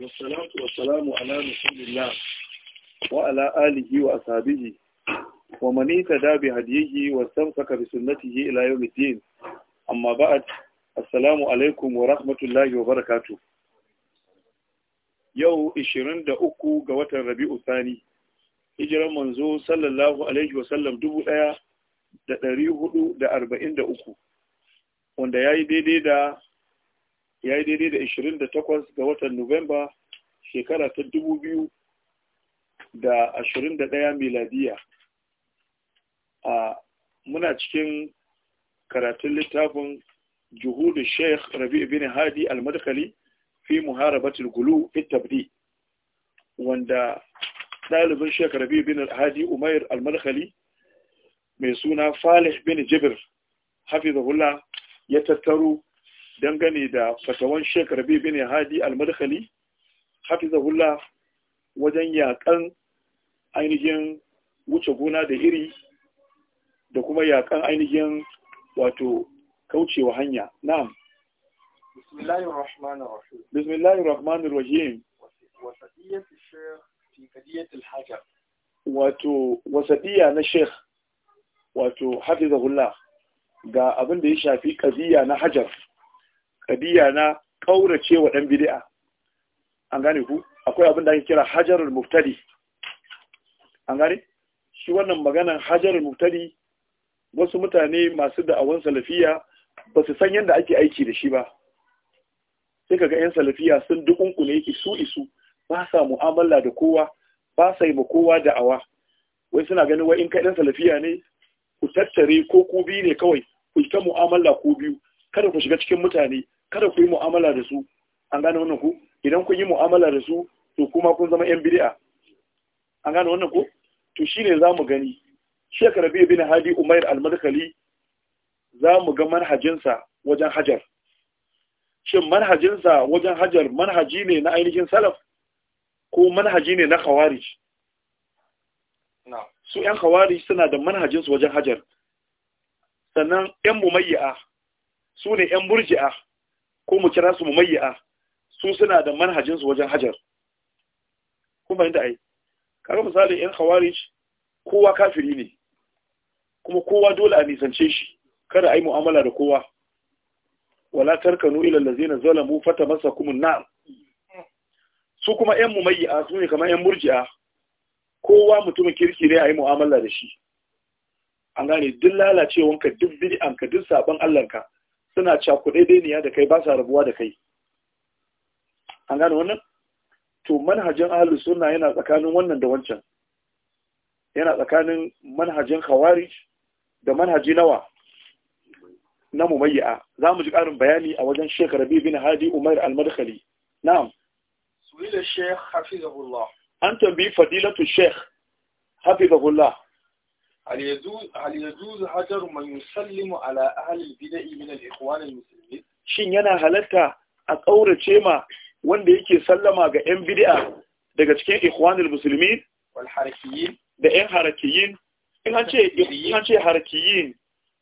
والصلاة والسلام على رسول الله وعلى آله وأصحابه ومن اهتدى بهديه واستمسك بسنته إلى يوم الدين أما بعد السلام عليكم ورحمة الله وبركاته yau 23 ga watan rabi'u sani hijiran manzo sallallahu alaihi wasallam uku, wanda ya yi daidai da ya yi daidai da 28 ga watan Nuwamba shekara ta 2021 miladiya. A muna cikin karatun littafin juhudu Sheikh Rabi bin Hadi al fi muharabatul gulu fi wanda ɗalibin Sheikh Rabi bin Hadi Umair al mai suna Falih bin Jibir hafizahullah ya tattaro dangane da fatawan shekar Rabi ne Hadi al hafi zahula wajen yakan ainihin wuce gona da iri da kuma yakan ainihin wato kaucewa hanya na'am bismillahir rahmanir rahim wato wasadiya na sheikh wato zahula ga abin da ya shafi kaziya na hajar kadiya na kaurace wa ɗan bidi'a an gane ku akwai abin da ake kira Hajarar muftadi an gane shi wannan maganan Hajarar muftadi wasu mutane masu da'awan salafiya ba su san yadda ake aiki da shi ba sai ka ga yan salafiya sun dukunkune yake su isu ba sa mu'amala da kowa ba sa yi ma kowa da'awa wai suna ganin wai in kai dan salafiya ne ku tattare ko ku biyu ne kawai ku ta mu'amala ko biyu kada ku shiga cikin mutane kada ku yi mu'amala da su an gane wannan ku idan kun yi mu'amala da su to kuma kun zama yan bid'a an gane wannan ku to shine zamu gani Sheikh Rabi bin Hadi Umair Al-Madkhali zamu ga manhajinsa wajen hajar shin manhajinsa wajen hajar manhaji ne na ainihin salaf ko manhaji ne na khawarij su ‘yan khawarij suna da manhajinsu wajen hajar sannan ‘yan mumayya'a su ne ‘yan burji'a ko mu kira su mumayya su suna da manhajin su wajen hajar kuma inda ai kaga misali yan khawarij kowa kafiri ne kuma kowa dole a nisance shi kada a yi mu'amala da kowa wala tarkanu ila allazina zalamu fatamassakum an-nar su kuma yan mumayya su ne kamar yan murji'a kowa mutumin kirki ne a mu'amala da shi an gane duk lalacewanka duk bid'anka duk saban Allahnka suna cakuɗe deniya da kai ba sa rabuwa da kai an gane wannan to manhajin ahlus sunna yana tsakanin wannan da wancan yana tsakanin manhajin khawarij da manhaji nawa na mumayya za mu ji ƙarin bayani a wajen Sheikh Rabi bin Hadi Umar Al-Madkhali na'am suwila Sheikh hafizahullah an tambayi fadilatu Sheikh hafizahullah هل يجوز هل يجوز هجر من يسلم على اهل البدع shin yana halatta a ƙaurace ma wanda yake sallama ga 'yan bid'a daga cikin ikhwanul musulmi da 'yan harakiyin in an ce harakiyin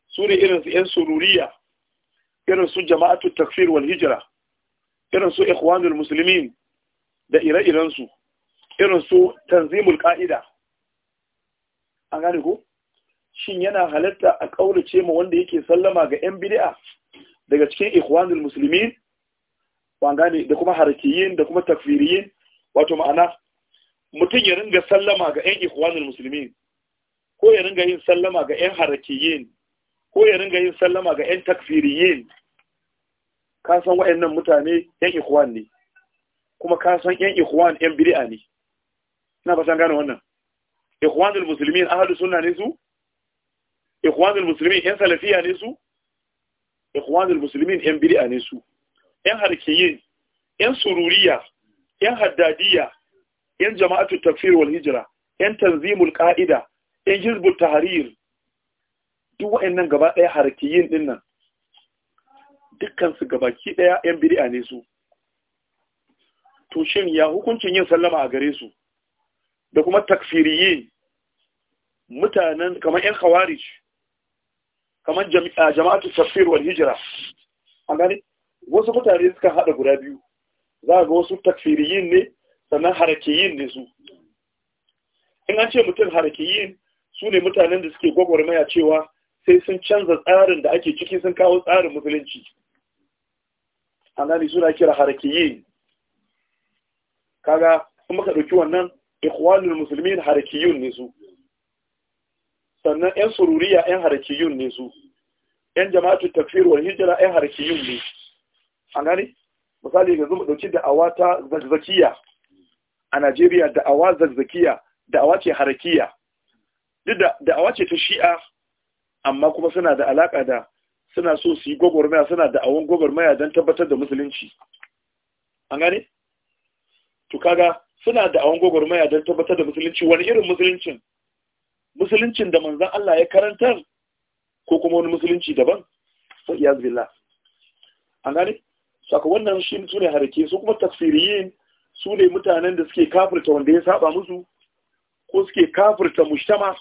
su ne irin su 'yan sururiya irin su jama'atu takfir wal hijira irin su ikhwanul musulmi da ire-irensu irin su tanzimul ka'ida an gane ku shin yana halatta a ƙaurace ma wanda yake sallama ga 'yan bid'a daga cikin ikhwanul muslimin wangane da kuma harakiyin da kuma takfiriyin wato ma'ana mutum ya ringa sallama ga 'yan ikhwanul muslimin ko ya ringa yin sallama ga 'yan harakiyin ko ya ringa yin sallama ga 'yan takfiriyin ka san waɗannan mutane 'yan ikhwan ne kuma ka san 'yan ikhwan 'yan bid'a ne ina ba san gane wannan ikhwanul muslimin ahadu sunna ne su ikhwanul muslimin yan salafiya ne su ikhwanul muslimin yan bid'a ne su yan harkiyin yan sururiya yan haddadiya yan jama'atu tafsir wal hijra yan tanzimul qa'ida yan hizbut tahrir duk waɗannan gaba ɗaya harkiyin din dukkan su gabaki ɗaya yan bid'a ne su to shin ya hukuncin yin sallama a gare su da kuma takfiriyin mutanen kamar yan khawarij kamar ah, jama'atu tafsir wal hijira A gani, wasu mutane suka haɗa guda biyu za ga wasu tafsiriyin ne sannan harakiyin ne su in an ce mutum harakiyin su ne mutanen da suke gwagwarmaya cewa sai sun canza tsarin da ake ciki sun kawo tsarin musulunci A gani suna kira harakiyin kaga in muka ɗauki wannan ikhwanul musulmin harakiyun ne su sannan yan sururiya yan harakiyun ne su yan jama'atu tafsir wani hijira yan harakiyun ne A gani, misali ga mu dauki da'awa ta zakzakiya a Najeriya da'awa zakzakiya da'awa ce harakiya duk da da'awa ce ta shi'a amma kuma suna da alaka da suna so su yi gwagwarmaya suna da awon gwagwarmaya don tabbatar da musulunci an gane? to kaga suna da awon gwagwarmaya don tabbatar da musulunci wani irin musuluncin musuluncin da manzan Allah ya karantar ko kuma wani musulunci daban wa ya billah an gane saka wannan shi su ne harake su kuma tafsiriyin su ne mutanen da suke kafirta wanda ya saba musu ko suke kafirta mujtama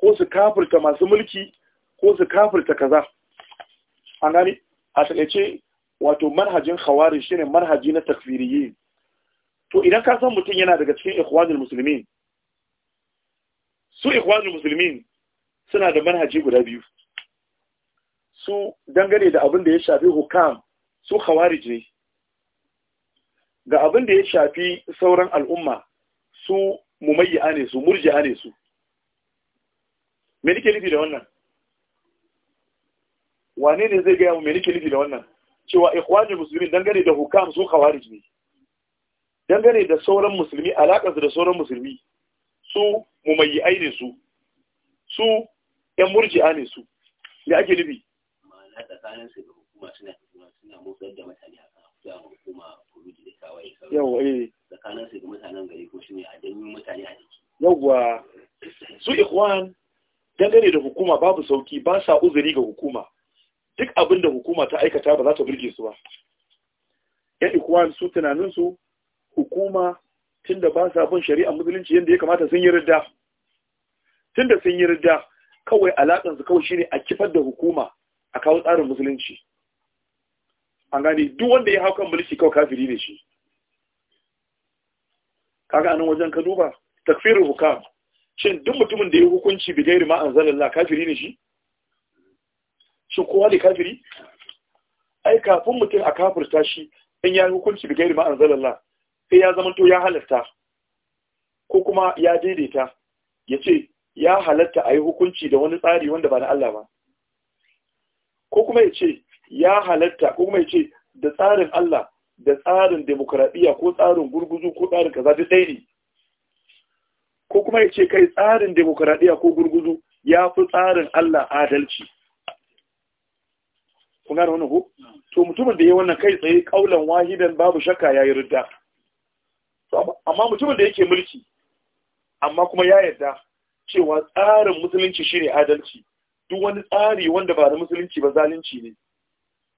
ko su kafirta masu mulki ko su kafirta kaza an gane a takaice wato manhajin khawarij shine manhaji na tafsiriyin. to idan ka san mutum yana daga cikin ikhwanul muslimin su Ikhwanu muslimin suna da manhaji guda biyu su dangane da abin da ya shafi hukam su khawarij ne ga abin da ya shafi sauran al'umma su mumayya ne su murji'a ne su me nufi da wannan wane ne zai gaya mu me nufi da wannan cewa Ikhwanu muslimin dangane da hukam su khawarij ne dangane da sauran musulmi alaƙar da sauran musulmi su mu ne su su yan murji'a ne su da ake nufi ma'ana da hukuma a eh. tsakanin su da mutanen gari dangane da hukuma babu sauki ba sa uzuri ga hukuma duk abin da hukuma ta aikata ba za ta burge su ba yan ikwan su tunaninsu hukuma tunda ba sa bin shari'ar musulunci yadda ya kamata sun yi ridda tunda sun yi ridda kawai alaƙan su kawai shine a kifar da hukuma a kawo tsarin musulunci an gane duk wanda ya hau kan mulki kawai kafiri ne shi kaga anan wajen ka duba takfirul hukam shin duk mutumin da ya hukunci bi gairi ma anzalallah kafiri ne shi shin kowa ne kafiri ai kafin mutum a kafirta shi in ya hukunci bi gairi ma anzalallah sai ya zamanto ya halatta ko kuma ya daidaita ya ce ya halatta a yi hukunci da wani tsari wanda ba na Allah ba ko kuma ya ce ya halatta ko kuma ya ce da tsarin Allah da tsarin demokuraɗiyya ko tsarin gurguzu ko tsarin kaza ta ɗaya ne ko kuma ya ce kai tsarin demokuraɗiyya ko gurguzu ya fi tsarin Allah adalci kun gane wani hu? to mutumin da ya wannan kai tsaye ƙaulan wahidan babu shakka yi ridda amma mutumin da yake mulki amma kuma ya yarda cewa tsarin musulunci shine adalci duk wani tsari wanda ba na musulunci ba zalunci ne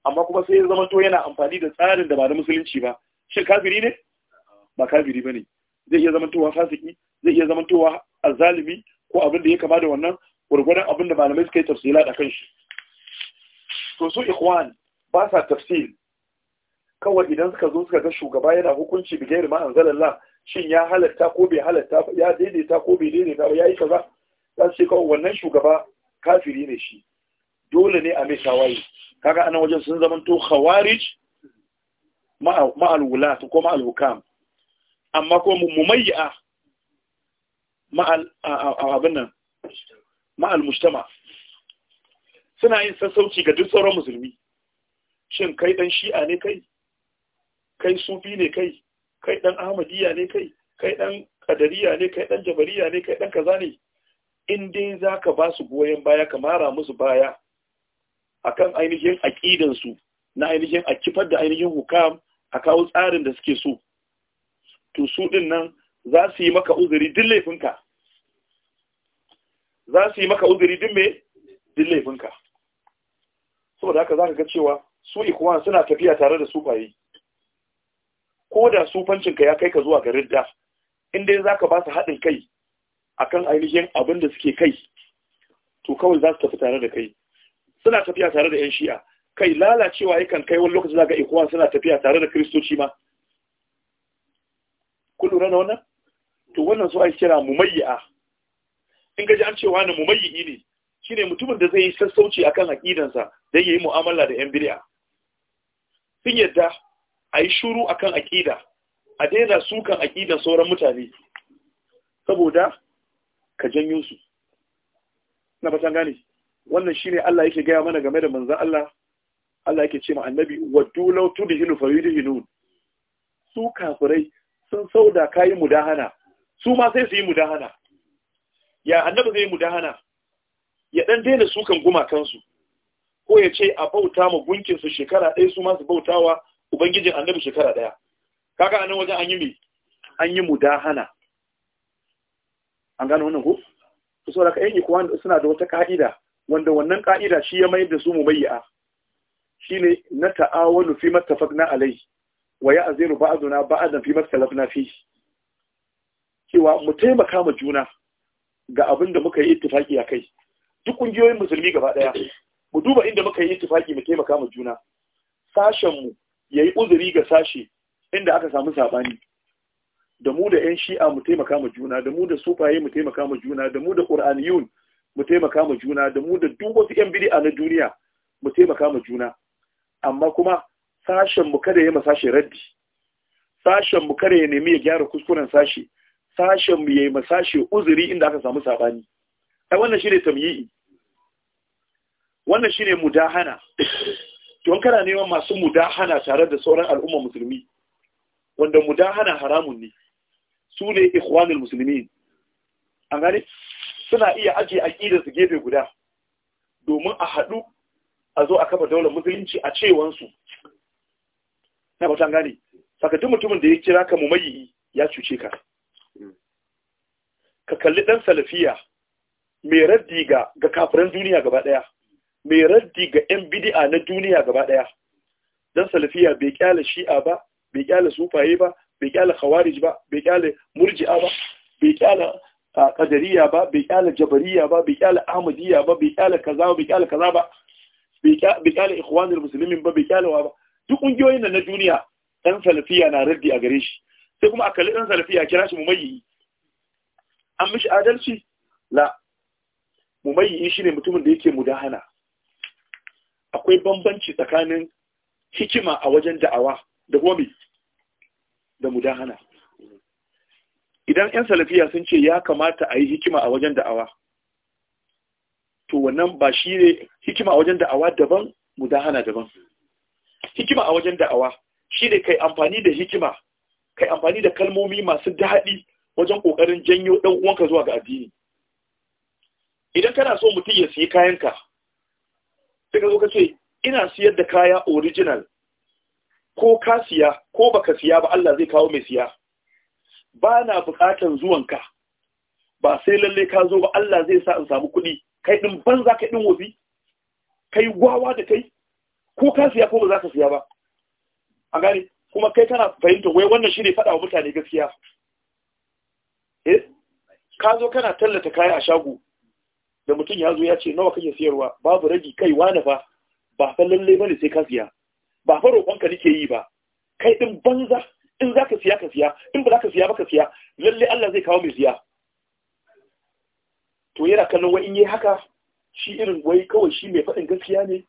amma kuma sai ya zama to yana amfani da tsarin da ba na musulunci ba shin kafiri ne ba kafiri bane zai iya zama towa fasiki zai iya zama towa azalimi ko abin da ya kama da wannan gurgurdan abin da malamai suka yi tafsila da kan shi to su ikhwan ba sa tafsil kawai idan suka zo suka ga shugaba yana hukunci bi gairi ma anzalallah shin ya halatta ko bai halatta ya daidaita ko bai daidaita ba ya yi kaza za su ce kawai wannan shugaba kafiri ne shi dole ne a mai tawaye kaga anan wajen sun zama to khawarij ma'al to ko ma'al alhukam amma ko mumayya al abin nan ma'al mujtama suna yin sassauci ga duk sauran musulmi shin kai dan shi'a ne kai kai sufi ne kai kai dan ahmadiyya ne kai kai dan kadariya ne kai dan jabariya ne kai dan kaza ne in dai zaka ba su goyen baya ka mara musu baya akan ainihin aqidan su na ainihin a kifar da ainihin hukam a kawo tsarin da suke so to su din nan za su yi maka uzuri duk laifinka za su yi maka uzuri duk me duk laifinka saboda haka zaka ga cewa su ikwan suna tafiya tare da su kwaye. ko da sufancinka ya kai ka zuwa ga da, in dai ka ba su haɗin kai a kan ainihin abin da suke kai to kawai za su tafi tare da kai suna tafiya tare da 'yan shi'a kai lalacewa yakan kai wani lokaci zaga ikuwa suna tafiya tare da Kiristoci ma Ku lura da wannan to wannan su ake kira mumayya in gaji an cewa ne mumayyi ne shine mutumin da zai yi sassauci akan aqidansa dan yayi mu'amala da 'yan biri'a. sun yadda a yi shuru a kan aƙida a daina sukan aƙidan sauran mutane saboda ka janyo su na fatan gane wannan ne Allah yake gaya mana game da manzan Allah Allah yake ce ma annabi waddu fari da hinu su kafirai sun da ka yi mudahana su ma sai su yi mudahana ya annabi zai yi mudahana ya dan daina sukan gumakansu ko ya ce a bauta ma gunkinsu shekara ɗaya su ma su bautawa ubangijin annabi shekara daya kaga nan wajen an yi mi, an yi dahana. an gano wannan Ku su saboda ka yanki kuwa suna da wata ka'ida wanda wannan ka'ida shi ya mayar da su mu Shi ne na ta'awunu fi fagna alai wa ya'ziru ba'duna ba'dan fi mattalafna fi cewa mu taimaka ma juna ga abin da muka yi a kai, duk ƙungiyoyin musulmi gaba ɗaya, mu duba inda muka yi ittifaki mu taimaka ma juna sashen mu ya yi uzuri ga sashe inda aka samu sabani da mu da 'yan shi'a mu taimaka ma juna da mu da sufaye mu taimaka ma juna da mu da ƙur'aniyun mu taimaka ma juna da mu da duk wasu 'yan a na duniya mu taimaka ma juna amma kuma sashen mu kada ya ma sashe raddi sashen mu kada ya nemi ya gyara kuskuren sashe sashen mu ya ma sashe uzuri inda aka samu sabani ai wannan shine tamyi'i wannan shine mudahana don kana neman masu mudahana tare da sauran al'umma musulmi wanda mudahana haramun ne su ne ikhwanul musulmi an gane suna iya ajiye aƙidar su gefe guda domin a haɗu a zo a kafa daular musulunci a cewansu na ba ta gane sakatun mutumin da ya kira ka mu mumayi ya cuce ka ka kalli ɗan salafiya mai raddi ga kafiran duniya gaba ɗaya mai raddi ga 'yan bidi'a na duniya gaba ɗaya don salafiya bai kyala shi'a ba bai kyala sufaye ba bai kyala khawarij ba bai kyala murji'a ba bai kyala qadariya ba bai kyala jabariya ba bai kyala ahmadiyya ba bai kyala kaza ba bai kyala kaza ba bai kyala ikhwanul muslimin ba bai kyala wa ba duk kungiyoyin nan na duniya dan salafiya na raddi a gare shi sai kuma a kalli dan salafiya kira shi mumayyi an mishi adalci la mumayyi shine mutumin da yake mudahana akwai bambanci tsakanin hikima a wajen da'awa da gomi da mudahana idan 'yan salafiya sun ce ya kamata a yi hikima a wajen da'awa to wannan ba shi ne hikima a wajen da'awa daban mudahana daban hikima a wajen da'awa shi ne kai amfani da hikima kai amfani da kalmomi masu daɗi wajen ƙoƙarin janyo ɗan uwanka zuwa ga addini idan kana so mutum ya sayi kayanka sai ka zo ka ce ina siyar da kaya original ko ka siya ko baka siya ba Allah zai kawo mai siya ba na bukatan zuwanka ba sai lalle ka zo ba Allah zai sa in samu kuɗi kai din banza kai din wofi kai gwawa da kai ko ka siya ko ba za ka siya ba an gane kuma kai kana fahimta wai wannan shi ne faɗa wa mutane gaskiya eh ka zo kana tallata kaya a shago da mutum ya zo ya ce nawa kake siyarwa babu ragi kai wani fa ba fa lalle bane sai ka siya ba fa roƙon ka nake yi ba kai din banza in za ka siya ka siya in ba za ka siya ba ka siya lalle Allah zai kawo mai siya to yana kallon wai in yi haka shi irin wai kawai shi mai faɗin gaskiya ne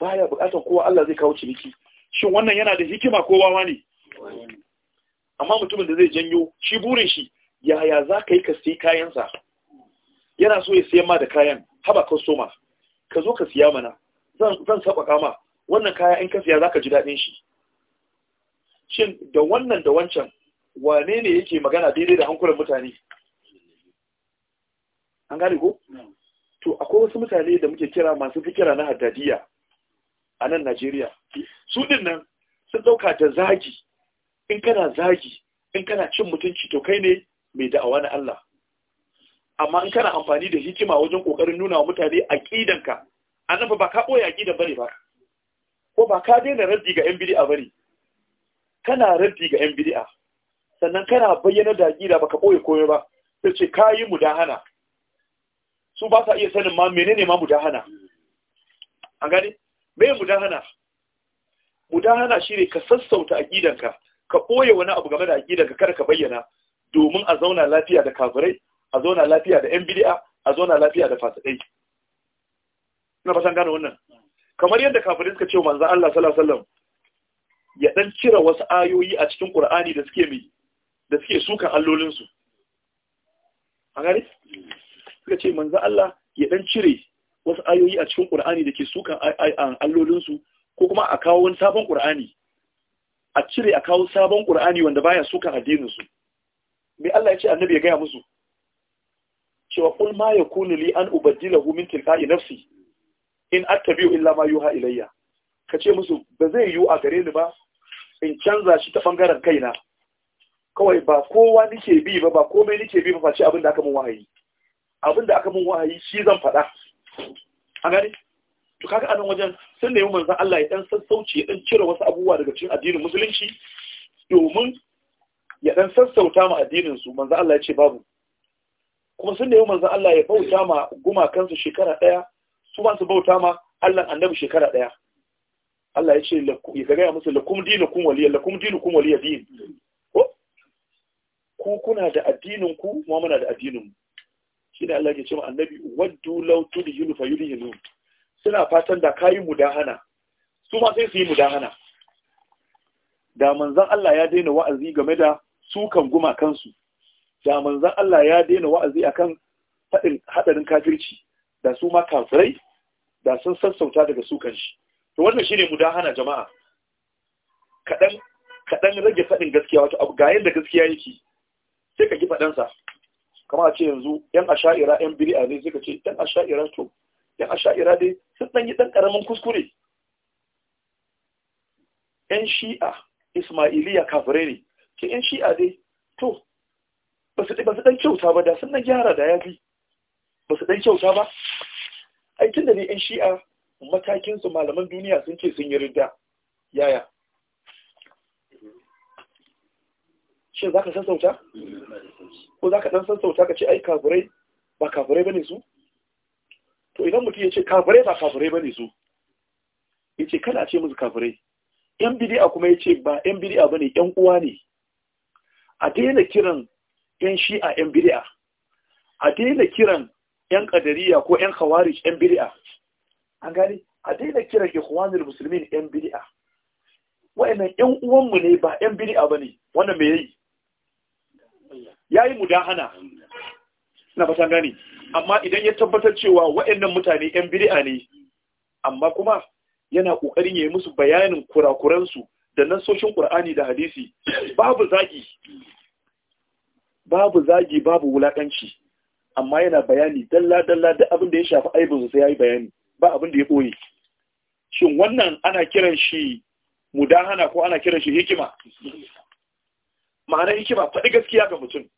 baya buƙatar kowa Allah zai kawo ciniki shin wannan yana da hikima ko wawa ne amma mutumin da zai janyo shi burin shi yaya za ka yi ka sai kayansa yana so ya siyan ma da kayan haba ma ka zo ka siya mana zan sabaka ma wannan kaya in ka siya za ka ji daɗin shi shin da wannan da wancan wane ne yake magana daidai da hankulan mutane an gane ko to akwai wasu mutane da muke kira masu fikira na haddadiya a nan Najeriya su din nan sun ɗauka da zagi in kana zagi in kana cin mutunci to kai ne mai da'awa na Allah amma in kana amfani da hikima wajen kokarin nuna wa mutane aqidanka annabi ba ka boye aqidan bane ba ko ba ka daina raddi ga yan bid'a bane kana raddi ga yan bid'a sannan kana bayyana da aqida ka boye komai ba sai ce kayi mudahana su ba sa iya sanin ma menene ma mudahana an gane me mudahana mudahana shine ka sassauta aqidanka ka boye wani abu game da aqidanka kada ka bayyana domin a zauna lafiya da kafirai a zauna lafiya da 'yan bidi'a a zauna lafiya da fasadai ina fatan gane wannan kamar yadda kafirin suka ce manzan Allah sallallahu alaihi wasallam ya dan cire wasu ayoyi a cikin ƙur'ani da suke mai da suke sukan allolinsu. a gare suka ce manzan Allah ya dan cire wasu ayoyi a cikin ƙur'ani da ke sukan allolinsu ko kuma a kawo wani sabon ƙur'ani a cire a kawo sabon ƙur'ani wanda baya sukan addinin su me Allah ya ce annabi ya gaya musu cewa kul ma kunu li an ubaddilahu min tilka'i nafsi in attabi'u illa ma yuha ilayya kace musu ba zai yiwu a gare ni ba in canza shi ta bangaren kaina kawai ba kowa nike bi ba ba komai nike bi ba face abin da aka mun wahayi abin da aka mun wahayi shi zan faɗa an gane to kaga anan wajen sun nemi manzon Allah ya dan sassauci ya dan cire wasu abubuwa daga cikin addinin musulunci domin ya dan sassauta mu addinin su manzon Allah ya ce babu kuma sun nemi manzan Allah ya bauta ma gumakansu shekara ɗaya su ma su bauta ma Allah annabi shekara ɗaya Allah ya ce ya gaya musu lakum kun waliya lakum kun waliya din ko ku kuna da addinin ku mu muna da addinin mu shine Allah ya ce ma annabi waddu law tudhilu fayudhilu suna fatan da da mudahana su ma sai su yi mudahana da manzon Allah ya daina wa'azi game da sukan gumakansu da manzan Allah ya daina wa'azi a kan haɗarin kafirci da su ma kafirai da sun sassauta daga su kanshi to wannan shi ne mu hana jama'a kaɗan kaɗan rage faɗin gaskiya wato abu ga yadda gaskiya yake sai ka ki faɗansa Kama a ce yanzu yan asha'ira yan biri'a ne sai ka ce yan asha'ira to yan asha'ira dai sun ɗan yi ɗan ƙaramin kuskure yan shi'a ismailiya kafirai ne ke yan shi'a dai to ba su ɗan kyauta ba da sun gyara da ya fi ba su ɗan kyauta ba aikin da ne 'yan shi'a matakinsu malaman duniya sun ce sun yi rida yaya shi za ka sauta? ko za ka ɗan sauta ka ce ai kafirai ba kafirai bane su? to idan mutum ya ce kafirai ba kafirai bane su ya ce kana ce musu kafirai yan bidi'a kuma ya ce ba yan bidi'a bane yan uwa ne a daina kiran 'yan shi'a 'yan bid'a a daina kiran 'yan kadariya ko 'yan khawarij 'yan bid'a an gani a daina kiran ikhwanul muslimin 'yan bid'a wa'annan 'yan uwanmu ne ba 'yan bid'a bane wannan me yayi yayi mudahana ina fatan gani amma idan ya tabbatar cewa wa'annan mutane 'yan bid'a ne amma kuma yana kokarin yayi musu bayanin kurakuran su da nasoshin Qur'ani da hadisi babu zaki babu zagi babu wulakanci amma yana bayani dalla dalla da abin da ya shafi aibin sai yayi bayani ba abin da ya boye shin wannan ana kiran shi mudahana ko ana kiran shi hikima ma'ana hikima faɗi gaskiya ga mutum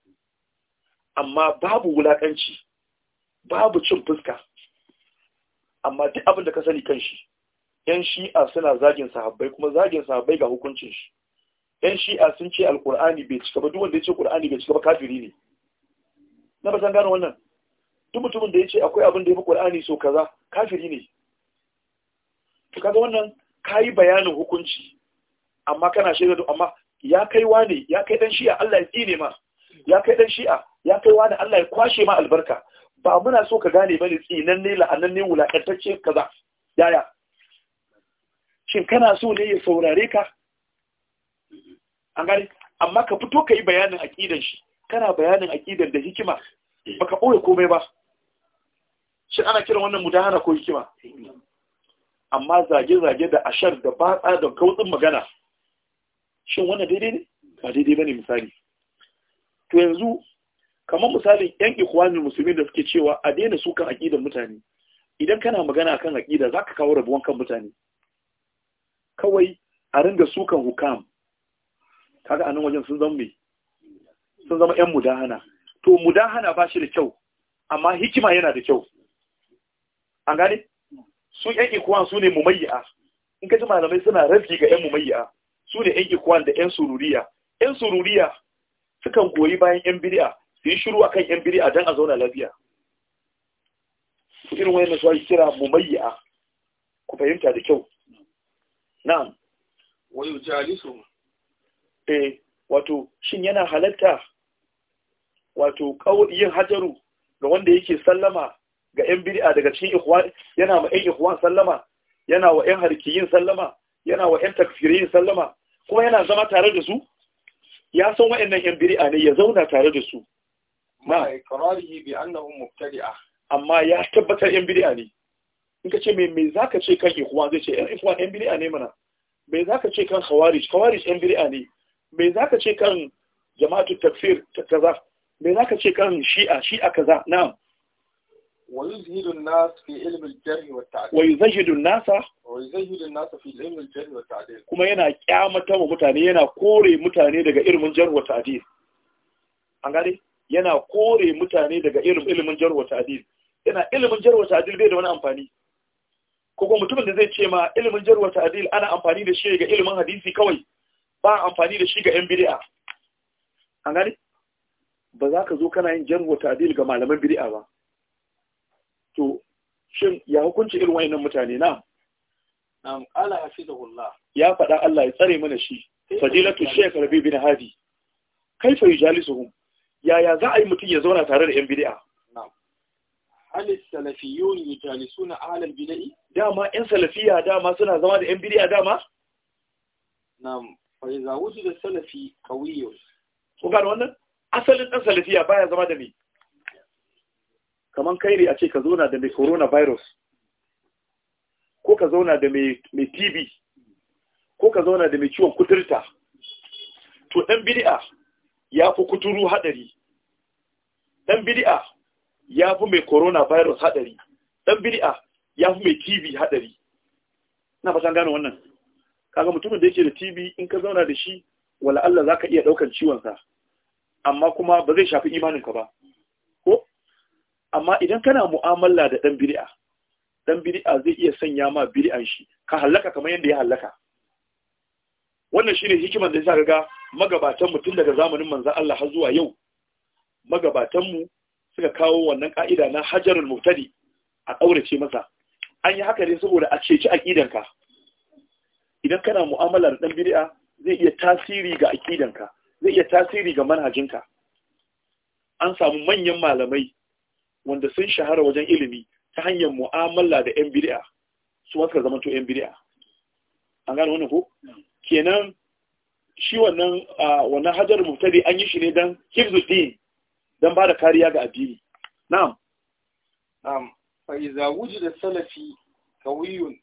amma babu wulakanci babu cin fuska amma duk abin da ka sani kan shi yan shi'a suna zagin sahabbai kuma zagin sahabbai ga hukuncin shi yan shi'a sun ce alkur'ani bai cika ba duk wanda ya ce Alƙur'ani bai cika ba kafiri ne na ba san gano wannan duk mutumin da ya ce akwai abin da ya fi qur'ani so kaza kafiri ne to kaga wannan kayi bayanin hukunci amma kana shaida amma ya kai wane ya kai dan shi'a Allah ya tsine ma ya kai dan shi'a ya kai wane Allah ya kwashe ma albarka ba muna so ka gane bane tsinan ne la'anan ne wulakantacce kaza yaya shin kana so ne ya saurare ka an gani amma ka fito ka yi bayanin aƙidan shi kana bayanin aƙidan da hikima eh. baka ɓoye komai ba shi ana kiran wannan mudahana ko hikima amma zage-zage da ashar da ba tsa da kautsin magana shin wannan daidai ne ba daidai ba ne misali to yanzu kamar misalin yan ikwani musulmi da suke cewa a daina su kan aƙidan mutane idan kana magana kan aƙida za ka kawo rabuwan kan mutane kawai a ringa sukan hukam kaga anan wajen sun zama mai sun zama yan mudahana to mudahana ba shi da kyau amma hikima yana da kyau an gane su yan ikuwan su ne mumayya in ka ji malamai suna rafi ga yan mumayya su ne yan ikuwan da yan sururiya yan sururiya sukan goyi bayan yan bid'a su yi shiru akan yan bid'a dan a zauna lafiya irin wayannan su kira mumayya ku fahimta da kyau na'am wa yujalisu eh wato shin yana halatta wato yin hajaru ga wanda yake sallama ga yan bid'a daga cikin ikhwan yana ma yan ikhwan sallama yana wa yan harkiyin sallama yana wa yan takfirin sallama kuma yana zama tare da su ya san wa'annan yan bid'a ne ya zauna tare da su ma ikrarihi bi annahu mubtadi'a amma ya tabbatar yan bid'a ne in ka ce me me zaka ce kan ikhwan zai ce yan ikhwan yan bid'a ne mana me zaka ce kan khawarij khawarij yan bid'a ne me za ka ce kan jama'atu tafsir kaza me za ka ce kan shi'a shi'a kaza na'am ويزهد الناس في علم الجرح والتعديل ويزهد الناس ويزهد الناس في علم الجرح والتعديل kuma yana kyamata wa mutane yana kore mutane daga ilmin jarh wa ta'dil an gane yana kore mutane daga ilmin jarh wa ta'dil yana ilmin jarh wa ta'dil bai da wani amfani ko mutumin da zai ce ma ilmin jarh wa ta'dil ana amfani da shi ga ilmin hadisi kawai ba amfani da shi ga 'yan biri'a. an gani ba za ka zo kana yin jarwa adil ga malaman biri'a ba to shin ya hukunci irin wayannan mutane na na'am qala hafizahullah ya faɗa Allah ya tsare mana shi fadilatu shaykh rabi bin hadi kaifa ya yaya za a yi mutum ya zauna tare da 'yan bid'a hal salafiyun yujalisuna alal bid'i dama 'yan salafiya dama suna zama da 'yan bid'a dama na'am fa idza wujida salafi qawiyyun ko gano wannan asalin ɗan salafiya baya zama da me kaman kairi a ce ka zauna da mai coronavirus ko ka zauna da mai tb ko ka zauna da mai ciwon kuturta to ɗan bidi'a ya fi kuturu haɗari, ɗan bidi'a ya fi mai coronavirus haɗari, ɗan bidi'a ya fi mai tv hadari na fatan gano wannan kaga mutumin da yake da TB in ka zauna da shi wala Allah zaka iya daukan ciwon sa amma kuma ba zai shafi imanin ka ba ko amma idan kana mu'amala da dan bid'a dan bid'a zai iya sanya ma bid'an shi ka halaka kamar yanda ya halaka wannan shine hikimar da yasa ga magabatan mutum daga zamanin manzon Allah har zuwa yau magabatan mu suka kawo wannan ka'ida na hajarul mubtadi a kaurace masa an yi haka ne saboda a ceci aqidanka idan kana mu'amala da dan bid'a zai iya tasiri ga aqidanka zai iya tasiri ga manhajinka an samu manyan malamai wanda sun shahara wajen ilimi ta hanyar mu'amala da yan bid'a su wasu zama to yan bid'a an gane wannan ko kenan shi wannan wannan hajar muftari an yi shi ne dan hifzuddin dan ba da kariya ga addini na'am na'am fa iza wujida salafi qawiyun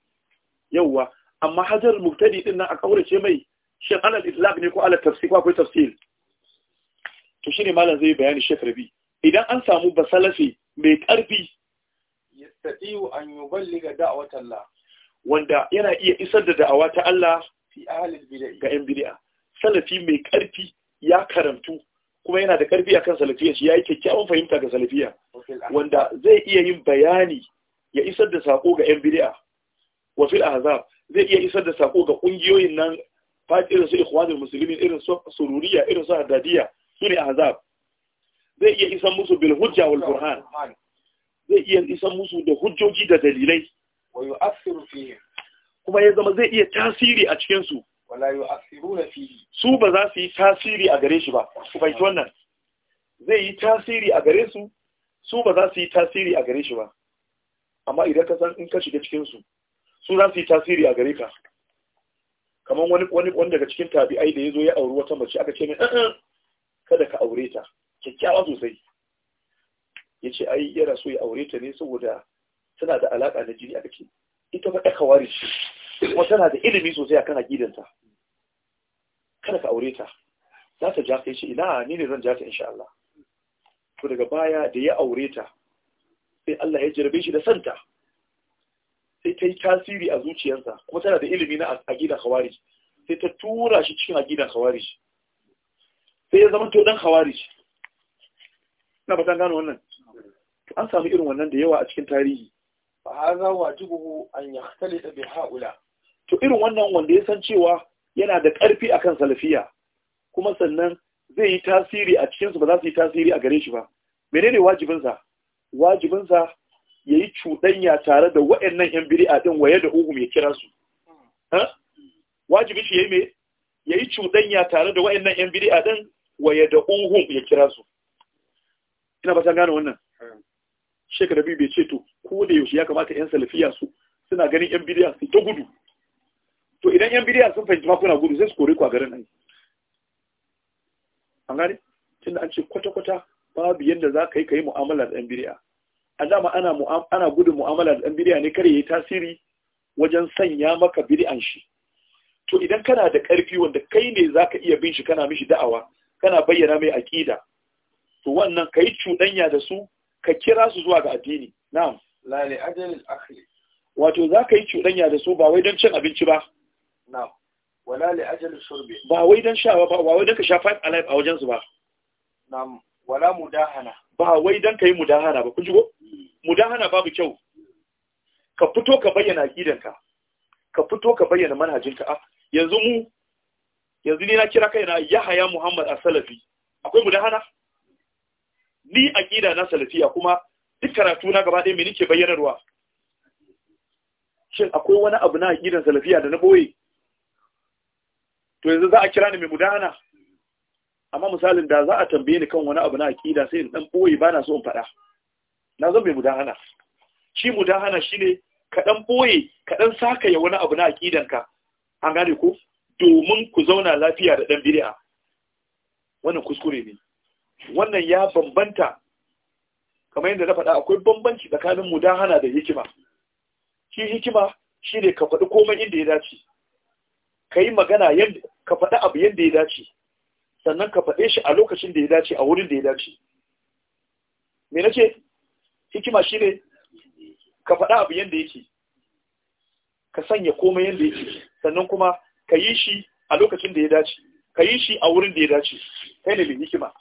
yawa amma hajar mubtadi din nan a kaurace mai shin al-islaq ne ko ala tafsir ko akwai tafsir to shine malam zai bayani shekar bi idan an samu basalafi mai karfi yastati'u an yuballiga da'wata Allah wanda yana iya isar da da'awa ta Allah fi ahli bid'ah ga yan bid'ah salafi mai karfi ya karantu kuma yana da karfi akan salafiya shi yayi kyakkyawan fahimta ga salafiya wanda zai iya yin bayani ya isar da sako ga yan bid'ah wa fil ahzab zai iya isar da sako ga kungiyoyin nan fadi irin su ikhwanul muslimin irin su sururiya irin su hadadiya su ne azab zai iya isar musu bil hujja wal burhan zai iya isar musu da hujjoji da dalilai wa yu'athiru fihi kuma ya zama zai iya tasiri a cikin su wala yu'athiruna fihi su ba za su yi tasiri a gare shi ba ku bai wannan zai yi tasiri a gare su su ba za su yi tasiri a gare shi ba amma idan ka san in ka shiga cikin su su za su yi tasiri a gare ka kamar wani wani wani daga cikin tabi'ai da ya zo ya auri wata mace aka ce min kada ka aure ta kyakkyawa sosai ya ce ai yana so ya aure ta ne saboda tana da alaƙa na jini aka ce ita ba ɗaka ware shi kuma tana da ilimi sosai akan gidanta. kada ka aure ta za ta ja sai ce ina ni ne zan ja ta insha Allah to daga baya da ya aure ta sai Allah ya jarabe shi da santa sai ta yi tasiri a zuciyarsa kuma tana da ilimi na agidan khawarij sai ta tura shi cikin agidan khawarij sai ya zama to dan na ina gano wannan an samu irin wannan da yawa a cikin tarihi fa hadha wajibuhu an yahtalita bi haula to irin wannan wanda ya san cewa yana da karfi akan salafiya kuma sannan zai yi tasiri a cikinsu ba za su yi tasiri a gare shi ba menene wajibinsa wajibinsa ya yi cuɗanya tare da waɗannan 'yan biri'a ɗin waye da uhu ya kira su wajibi shi ya yi mai ya yi cuɗanya tare da waɗannan 'yan biri'a ɗin waye da uhu ya kira su ina ba ta gane wannan shekara biyu bai ce to ko da yaushe ya kamata 'yan salafiya su suna ganin 'yan biri'a su ta gudu to idan 'yan biri'a sun fahimci ma kuna gudu sai su kore ku a garin nan an gane tunda an ce kwata-kwata babu yadda za ka yi ka yi mu'amala da 'yan biri'a a dama ana ana gudun mu'amala da ɗan bidiya ne kare yayi tasiri wajen sanya maka bidi'an shi to idan kana da ƙarfi wanda kai ne zaka iya bin shi kana mishi da'awa kana bayyana mai aqida to wannan kai cuɗanya da su ka kira su zuwa ga addini na'am la li ajal akhli wato zaka yi cuɗanya da su ba wai don cin abinci ba na'am wala li ajal shurbi ba wai don sha ba ba wai don ka sha five alive a wajen su ba na'am wala mudahana ba wai don ka yi mudahana ba kun ji ko mudahana babu kyau ka fito ka bayyana akidanka ka fito ka bayyana manhajinka ah, yanzu mu yanzu ni na kira kaina Yahaya Muhammad as-Salafi akwai mudahana ni akida na salafiya kuma duk karatu na gaba ɗaya me nake bayyanarwa shin akwai wani abu na akidan salafiya da na boye to yanzu za a kira ni mai mudahana amma misalin da za a tambaye ni kan wani abu na akida sai in dan boye bana so in faɗa na zan mai mudahana shi mudahana shine ka boye kaɗan saka ya wani abu na aqidanka an gane ku? domin ku zauna lafiya da ɗan bid'a wannan kuskure ne wannan ya bambanta kamar yadda na faɗa akwai bambanci tsakanin mudahana da hikima shi hikima shine ka faɗi komai inda ya dace ka yi magana yadda ka faɗi abu yadda ya dace sannan ka faɗe shi a lokacin da ya dace a wurin da ya dace me na hikima shi ne ka faɗa abu yadda yake ka sanya komai yadda yake sannan kuma ka yi shi a lokacin da ya dace ka yi shi a wurin da ya dace kai ne mai hikima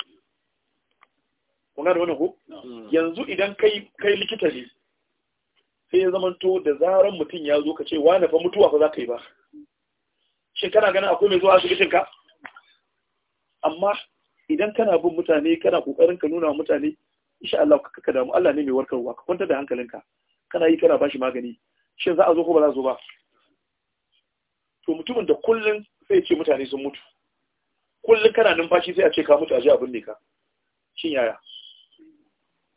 kun da wani ko mm. yanzu idan kai kai likita ne sai ya zamanto da zaran mutum ya zo ka ce wani fa mutuwa fa za ka yi ba shin kana ganin akwai mai zuwa asibitin ka amma idan kana bin mutane kana kokarin ka nuna mutane insha Allah ka damu Allah ne mai warkarwa ka kwantar da hankalinka kana yi kana bashi magani shin za a zo ko ba za a zo ba to mutumin da kullun sai ce mutane sun mutu kullun kana numfashi sai a ce ka mutu a ji abin ne ka shin yaya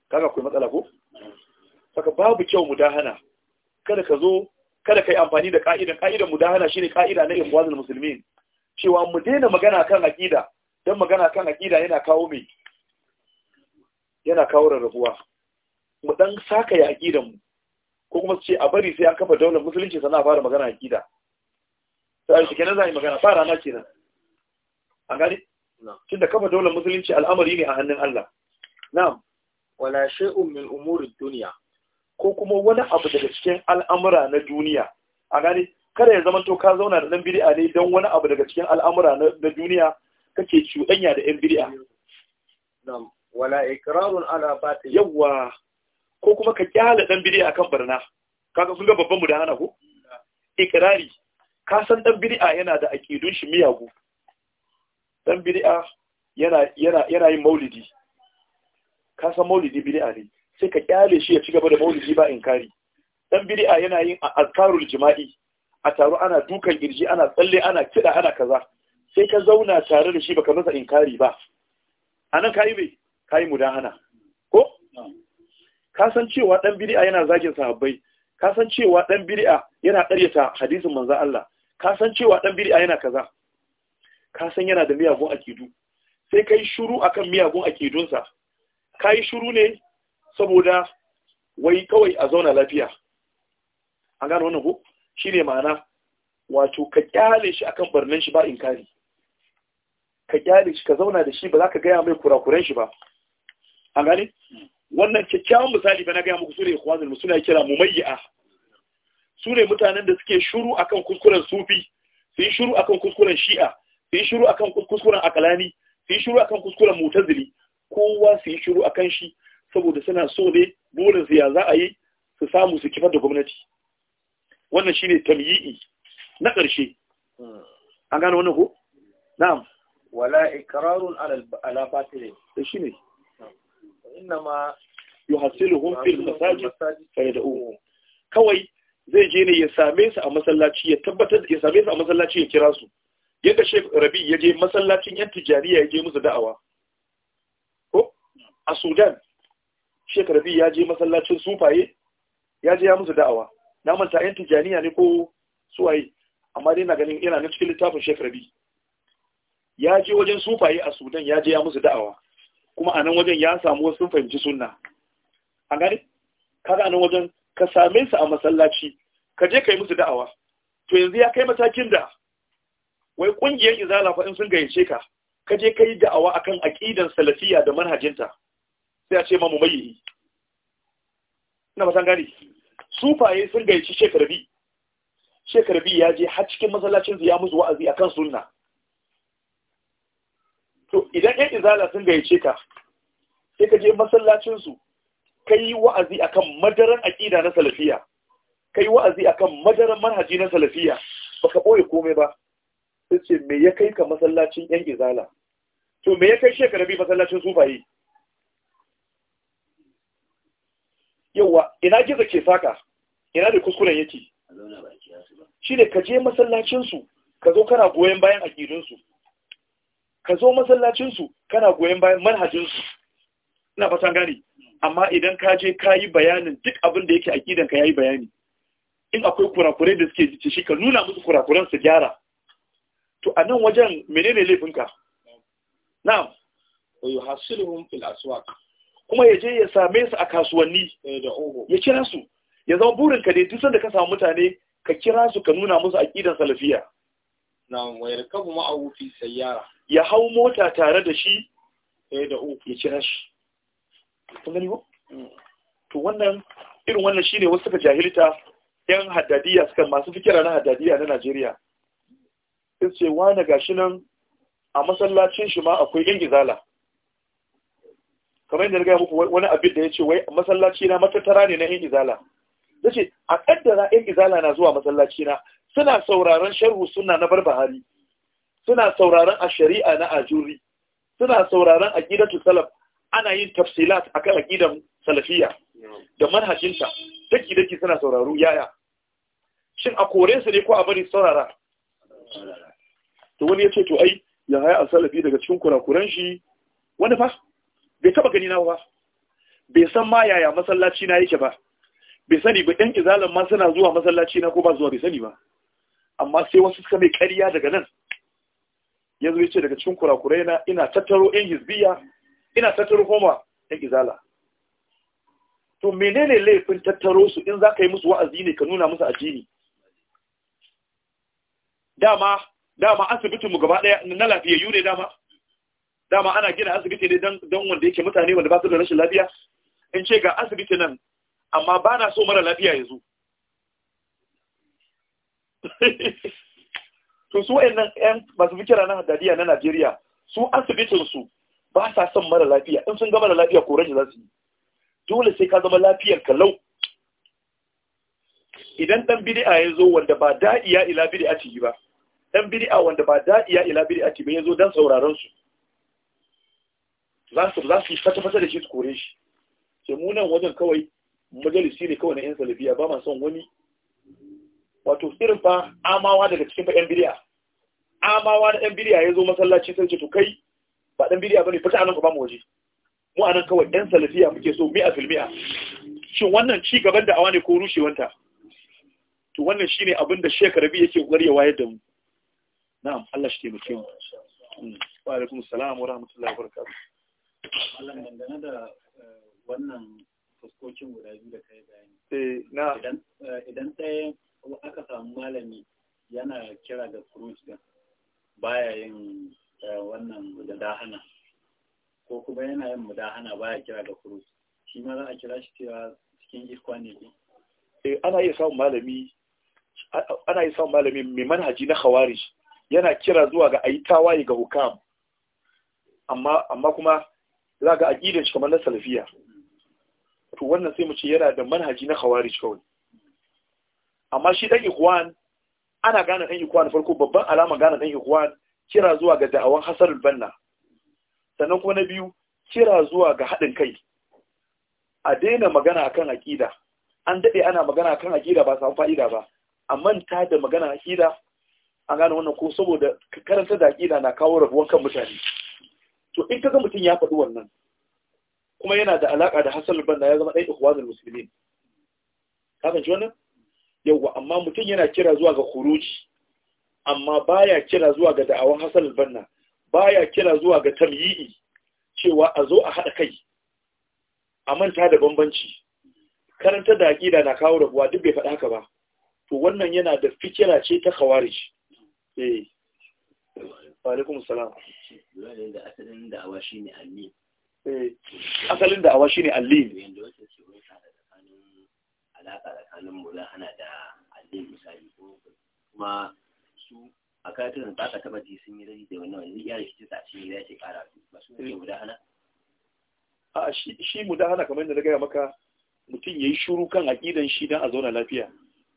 kaga akwai matsala ko saka babu kyau mudahana kada ka zo kada kai amfani da ka'idan ka'idan mudahana shine ka'ida na ikhwanul muslimin cewa mu daina magana kan aqida dan magana kan aqida yana kawo mai yana kawo rarrabuwa mu dan saka ya aqidan mu ko kuma su ce a bari sai an kafa daular musulunci sannan a fara magana aqida sai shi kenan za a yi magana fara na kenan an gani da kafa daular musulunci al'amari ne a hannun Allah na'am wala shay'un min umuri dunya ko kuma wani abu daga cikin al'amura na duniya a gani kada ya zama to ka zauna da dan bid'a ne don wani abu daga cikin al'amura na duniya kake cuɗanya da ɗan bid'a na'am wala ikrarun ala batil yawa ko kuma ka kyala dan bid'a akan barna kaga sun ga babban mu da hana ko ikrari ka san dan bid'a yana da aqidun shi miyagu dan bid'a yana yana yana yin maulidi ka san maulidi bid'a ne sai ka kyale shi ya ci gaba da maulidi ba inkari dan bid'a yana yin azkarul jima'i a taro ana dukan girji ana tsalle ana kida ana kaza sai ka zauna tare da shi baka masa inkari ba anan kai bai ka yi mudahana ko ka san cewa dan bid'a yana zagin sahabbai ka san cewa dan bid'a yana ƙaryata hadisin manzo Allah ka san cewa dan bid'a yana kaza ka san yana da miyagun akidu sai kai shiru akan miyagun akidunsa ka yi shiru ne saboda wai kawai a zauna lafiya an gano wannan ko shine ma'ana wato ka kyale shi akan barnan shi ba inkari ka kyale shi ka zauna da shi ba za ka gaya mai kurakuren shi ba an gane wannan kyakkyawan misali ba na gaya muku sune ikhwanul suna kira mumayya sune mutanen da suke shuru akan kuskuren sufi su yi shuru akan kuskuren shi'a su yi shuru akan kuskuren akalani su yi shuru akan kuskuren mutazili kowa su yi shuru akan shi saboda suna so ne burin su ya za a yi su samu su kifar da gwamnati wannan shine tamyi'i na ƙarshe an gane wannan ko na'am wala ikrarun ala batilin eh, shine innama yuhasiluhum fil masajid kawai zai je ne ya same su a masallaci ya tabbatar ya same su a masallaci ya kira su yadda Sheikh Rabi ya je masallacin yan tijariya ya je musu da'awa ko a Sudan Sheikh Rabi ya je masallacin sufaye ya je ya musu da'awa na manta yan tijaniya ne ko suwaye amma dai na ganin ina na cikin littafin Sheikh Rabi ya je wajen sufaye a Sudan ya je ya musu da'awa kuma a nan wajen ya samu wasu sun fahimci sunna A gane kaga a nan wajen ka same su a masallaci ka je yi musu da'awa to yanzu ya kai matakin da wai kungiyar izala fa in sun gayyace ka ka je ka yi da'awa akan aqidan salafiyya da manhajinta sai a ce ma mumayyi ina fatan gane sufaye sun gayyaci shekarabi shekarabi ya je har cikin masallacin ya musu wa'azi akan sunna to idan yan izala sun gayyace ka sai ka je masallacinsu ka yi wa'azi a kan madaran aƙida na salafiya ka yi wa'azi a kan madaran manhaji na salafiya ba ka ɓoye komai ba sai ce me ya kai ka masallacin yan izala to me ya kai shekara bi masallacin sufaye yawa ina gizo ke saka ina da kuskuren yake shi ne ka je masallacinsu ka zo kana goyon bayan aƙidunsu ka zo masallacinsu kana goyon bayan manhajinsu ina fatan gane amma idan ka je ka yi bayanin duk abin da yake aƙidan ka ya yi bayani in akwai kurakurai da suke jice shi ka nuna musu kurakuran su gyara to a nan wajen menene laifinka na'am wa yuhasiluhum fil aswaq kuma ya je ya same su a kasuwanni eh, ya kira su ya zama burin ka ne duk sanda ka samu mutane ka kira su ka nuna musu aqidan salafiya na'am wa yarkabu ma'ahu fi sayyara ya hau mota tare da shi ya eh, da o ya kira shi gani ba? Mm. to wannan irin wannan shi ne wasu suka jahilta yan haddadiya suka masu fikira na haddadiya na Najeriya sai ce wani gashi nan a masallacin shi ma akwai yan gizala kamar yadda na gaya muku wani abin da ya ce wai masallaci na matattara ne na yan izala ya ce a kaddara yan izala na zuwa masallaci na suna sauraron sharhu suna na barbahari suna sauraron a shari'a na ajuri suna sauraron a gidan salaf ana yin tafsilat akan gidan salafiya. da manhajinta daki daki suna sauraro yaya shin a kore su ne ko a bari saurara to wani ya ce to ai ya haya al-salafi daga cikin kurakuran shi wani fa bai taba gani na ba bai san ma yaya masallaci na yake ba bai sani ba ɗan izalan ma suna zuwa masallaci na ko ba zuwa bai sani ba amma sai wasu suka mai karya daga nan ya zo ya ce daga cikin kurakurai na ina tattaro yan hizbiya ina tattaro homa, yan izala to menene laifin tattaro su in za ka yi musu wa'azi ne ka nuna musu addini dama dama asibitin mu gaba ɗaya na lafiyayyu ne dama dama ana gina asibiti ne don wanda yake mutane wanda ba su da rashin lafiya in ce ga asibiti nan amma ba na so mara lafiya ya zo to su wayannan yan masu fikira na hadadiya na Najeriya su asibitin su ba sa son mara lafiya in sun ga mara lafiya ko rashi za su yi dole sai ka zama lafiyar ka lau idan dan bid'a ya zo wanda ba da'iya ila bid'a ci ba dan bid'a wanda ba da'iya ila bid'a ce ba ya zo dan sauraron su za su za su fata fata da shi su kore shi sai mu nan wajen kawai majalisi ne kawai na yan salafiya ba ma son wani wato irin fa amawa daga cikin fa yan bid'a amawa na ɗan biriya ya zo masallaci sai ce to kai ba ɗan biriya bane fita anan ku ba mu waje mu anan kawai ɗan salafiya muke so mi'a mi'a shin wannan ci gaban awa ne ko rushewanta to wannan shine abin da Sheikh Rabi yake kokari ya wayar da mu na'am Allah shi taimake mu wa alaikum assalam wa rahmatullahi wa barakatuh Allah dangane da eh, wannan fuskokin guda biyu da kai bayani eh na idan eh, idan aka samu malami yana kira da fruit baya yin eh, wannan mudahana ko kuma yana yin mudahana baya kira da kuru shi ma za a kira shi cewa cikin ikwa ne ke eh ana iya samun malami ana iya samun malami mai manhaji na khawarij yana kira zuwa ga ayi ga hukam amma amma kuma za ga aqidar shi kamar na salafiya to wannan sai mu ce yana da manhaji na khawarij kawai amma shi dan ikwan ana gane ɗan na farko babban alama gane ɗan ikuwa kira zuwa ga da'awan hasar banna sannan kuma na biyu kira zuwa ga haɗin kai a daina magana akan aƙida an daɗe ana magana akan aƙida ba samu fa'ida ba a manta da magana aƙida an gane wannan ko saboda karanta da aƙida na kawo rabuwan kan mutane to in ka ga mutum ya faɗi wannan kuma yana da alaƙa da hasar banna ya zama ɗan da musulmi kafin shi wannan yawwa amma mutum yana kira zuwa ga khuruji amma baya kira zuwa ga da'awan Hassan banna baya kira zuwa ga tamyi'i cewa a zo a haɗa kai a manta da bambanci karanta da aqida na kawo rabuwa duk bai faɗa haka ba to wannan yana da fikira ce ta khawarij eh wa alaikum salam asalin da'awa shine allin eh asalin da'awa shine allin alaƙa tsakanin mulahana da allin misali kuma su a katirin da ka taba ji sun yi rai da wannan wani iya rikici ta ce ya ce kara ba su ne hana a shi shi hana kamar yadda na gaya maka mutum ya yi shuru kan aƙidan shi don a zauna lafiya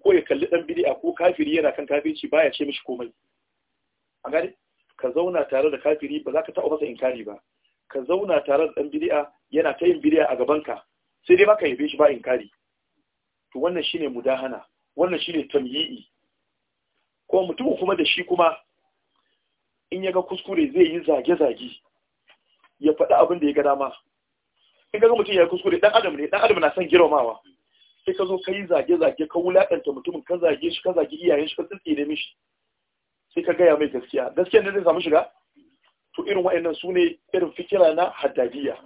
ko ya kalli ɗan a ko kafiri yana kan kafirci baya ce mishi komai a gani ka zauna tare da kafiri ba za ka taɓa masa inkari ba ka zauna tare da ɗan bidi'a yana ta yin bidi'a a gabanka sai dai baka yabe shi ba inkari to wannan shi ne mudahana wannan shi ne tamyi'i ko mutumin kuma da shi kuma in ya ga kuskure zai yi zage-zage ya faɗi abin da ya ga dama in ga mutum ya yi kuskure dan adam ne dan adam na son girmamawa sai ka zo ka yi zage-zage ka wulaƙanta mutumin ka zage shi ka zage iyayen shi ka da mishi sai ka gaya mai gaskiya gaskiya ne zai samu shiga to irin wa'annan su ne irin fikira na haddadiya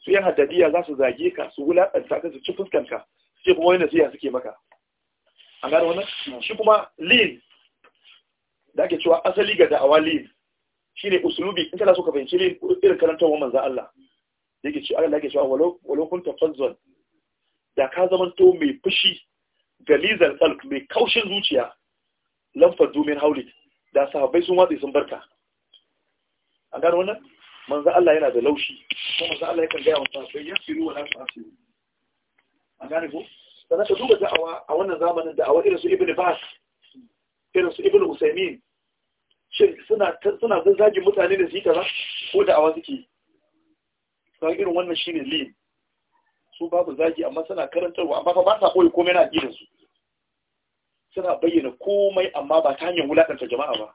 su yan haddadiya za su zage ka su wulaƙanta ka su ci fuskanka sai kuma wani nasiya suke maka an gano wannan shi kuma lin da ake cewa asali ga da'awa lin shine usulubi in kana so ka fahimci lin irin karantar wa manzon Allah yake ce Allah yake cewa walau walau kunta fazzon da ka zamanto mai fushi galizan tsalk mai kaushin zuciya lamfar domin haulit da sahabbai sun watsi sun barka an gano wannan manzo Allah yana da laushi kuma manzo Allah yakan ga wa sahabbai ya siru wa la ta'siru A gane ko sannan ka duba da'awa a wannan zamanin da'awa irin su ibn bas irin su ibn usaimin shin suna suna zazzagin mutane da su yi kaza ko da'awa suke ta irin wannan shine lin su babu zagi amma suna karantarwa amma fa ba sa koyi komai na addinin su suna bayyana komai amma ba ta hanyar wulakanta jama'a ba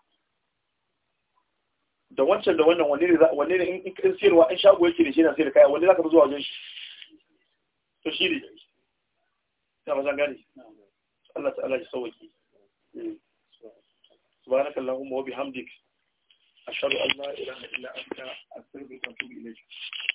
da wancan da wannan wanne ne wanne ne in siyarwa in shago yake da shi na sai da kaya wanne zaka fi zuwa wajen shi to shi ne da mazan gari Allah ta'ala ya sauwaki سبحانك اللهم وبحمدك أشهد أن لا إله إلا أنت أستغفرك وأتوب إليك